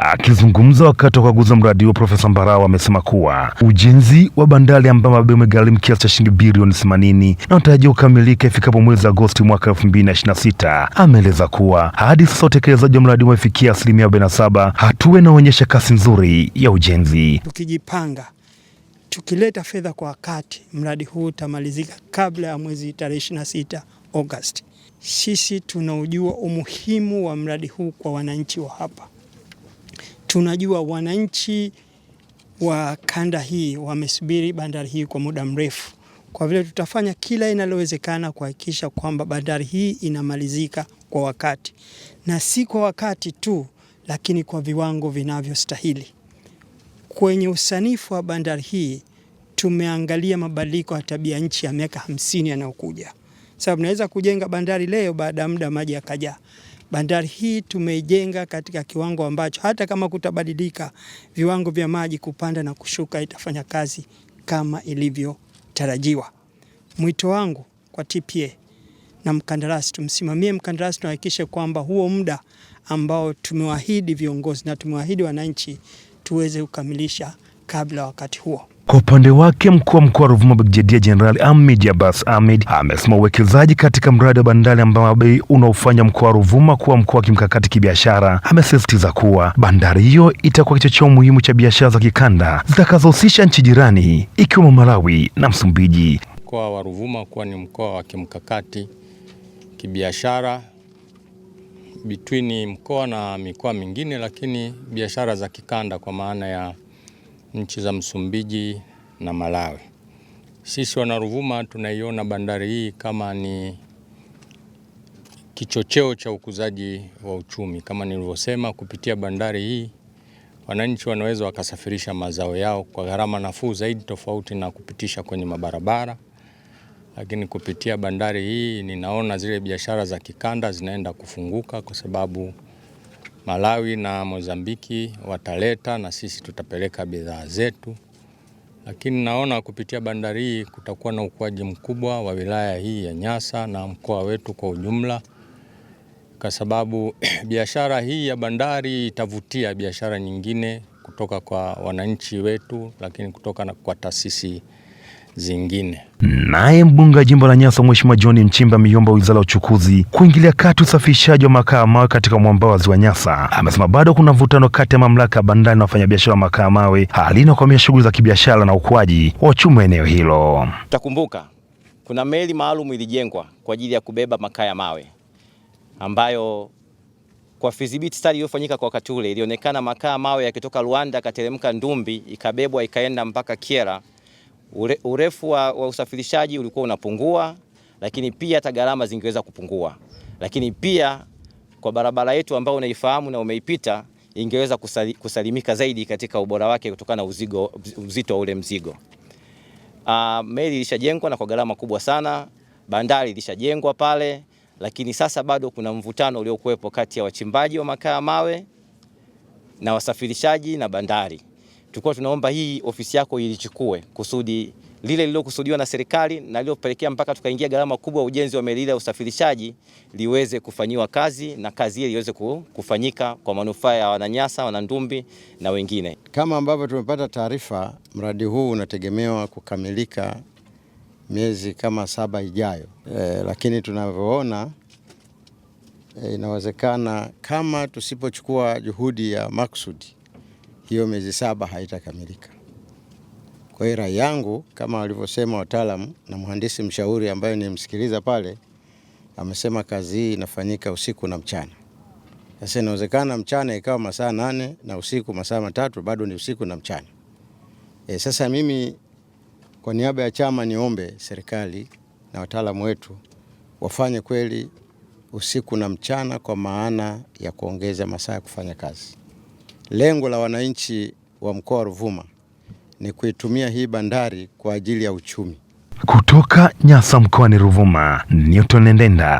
Akizungumza wakati wa kuaguza mradi huo, Profesa Mbarawa amesema kuwa ujenzi wa bandari ya Mbamba Bay umegharimu kiasi cha shilingi bilioni 80 na unatarajiwa kukamilika ifikapo mwezi Agosti mwaka 2026. Ameeleza kuwa hadi sasa utekelezaji wa mradi umefikia asilimia 47, hatua inaonyesha kasi nzuri ya ujenzi. Tukijipanga, tukileta fedha kwa wakati, mradi huu utamalizika kabla ya mwezi tarehe 26 Agosti. Sisi tunaujua umuhimu wa mradi huu kwa wananchi wa hapa tunajua wananchi wa kanda hii wamesubiri bandari hii kwa muda mrefu. Kwa vile tutafanya kila inalowezekana kuhakikisha kwamba bandari hii inamalizika kwa wakati, na si kwa wakati tu, lakini kwa viwango vinavyostahili. Kwenye usanifu wa bandari hii tumeangalia mabadiliko ya tabia nchi ya miaka hamsini yanayokuja, sababu naweza kujenga bandari leo, baada ya muda maji yakajaa. Bandari hii tumeijenga katika kiwango ambacho hata kama kutabadilika viwango vya maji kupanda na kushuka, itafanya kazi kama ilivyotarajiwa. Mwito wangu kwa TPA na mkandarasi, tumsimamie mkandarasi, tuhakikishe kwamba huo muda ambao tumewaahidi viongozi na tumewaahidi wananchi tuweze kukamilisha kabla wakati huo. Kwa upande wake mkuu wa mkoa wa Ruvuma Brigedia Jenerali Ahmed Abbas Ahmed amesema uwekezaji katika mradi wa bandari ambao unaofanya mkoa wa Ruvuma kuwa mkoa wa kimkakati kibiashara. Amesisitiza kuwa bandari hiyo itakuwa kichocheo muhimu cha biashara za kikanda zitakazohusisha nchi jirani ikiwemo Malawi na Msumbiji. Mkoa wa Ruvuma kuwa ni mkoa wa kimkakati kibiashara between mkoa na mikoa mingine, lakini biashara za kikanda kwa maana ya nchi za Msumbiji na Malawi. Sisi wanaruvuma tunaiona bandari hii kama ni kichocheo cha ukuzaji wa uchumi. Kama nilivyosema, kupitia bandari hii wananchi wanaweza wakasafirisha mazao yao kwa gharama nafuu zaidi, tofauti na kupitisha kwenye mabarabara. Lakini kupitia bandari hii ninaona zile biashara za kikanda zinaenda kufunguka kwa sababu Malawi na Mozambiki wataleta na sisi tutapeleka bidhaa zetu, lakini naona kupitia bandari hii kutakuwa na ukuaji mkubwa wa wilaya hii ya Nyasa na mkoa wetu kwa ujumla, kwa sababu biashara hii ya bandari itavutia biashara nyingine kutoka kwa wananchi wetu, lakini kutoka kwa taasisi zingine. Naye mbunge wa jimbo la Nyasa Mheshimiwa John Mchimba ameiomba wizara ya uchukuzi kuingilia kati usafirishaji wa makaa ya mawe katika mwambao wa ziwa Nyasa. Amesema bado kuna mvutano kati ya mamlaka ya bandari na wafanyabiashara wa makaa ya mawe, hali shughuli za kibiashara na ukuaji wa uchumi wa eneo hilo. Takumbuka kuna meli maalum ilijengwa kwa ajili ya kubeba makaa ya mawe ambayo kwa feasibility study iliyofanyika kwa wakati ule ilionekana makaa mawe yakitoka Rwanda akateremka Ndumbi, ikabebwa ikaenda mpaka kiera ure, urefu wa, wa usafirishaji ulikuwa unapungua, lakini pia hata gharama zingeweza kupungua, lakini pia kwa barabara yetu ambayo unaifahamu na umeipita ingeweza kusali, kusalimika zaidi katika ubora wake kutokana na uzigo, uzito wa ule mzigo. Uh, meli ilishajengwa na kwa gharama kubwa sana, bandari ilishajengwa pale, lakini sasa bado kuna mvutano uliokuwepo kati ya wachimbaji wa makaa mawe na wasafirishaji na bandari tulikuwa tunaomba hii ofisi yako ilichukue kusudi lile lililokusudiwa na serikali na lilopelekea mpaka tukaingia gharama kubwa ujenzi wa meli ile ya usafirishaji liweze kufanyiwa kazi na kazi ile iweze kufanyika kwa manufaa ya Wananyasa, Wanandumbi na wengine. Kama ambavyo tumepata taarifa, mradi huu unategemewa kukamilika miezi kama saba ijayo, e, lakini tunavyoona e, inawezekana kama tusipochukua juhudi ya maksudi hiyo miezi saba haitakamilika. Kwa hiyo rai yangu kama walivyosema wataalamu na mhandisi mshauri ambaye nimsikiliza pale, amesema kazi hii inafanyika usiku na mchana. Sasa inawezekana mchana ikawa masaa nane na usiku masaa matatu, bado ni usiku na mchana. E, sasa mimi kwa niaba ya chama niombe serikali na wataalamu wetu wafanye kweli usiku na mchana kwa maana ya kuongeza masaa ya kufanya kazi. Lengo la wananchi wa mkoa wa Ruvuma ni kuitumia hii bandari kwa ajili ya uchumi. Kutoka Nyasa mkoani Ruvuma, Newton Ndenda.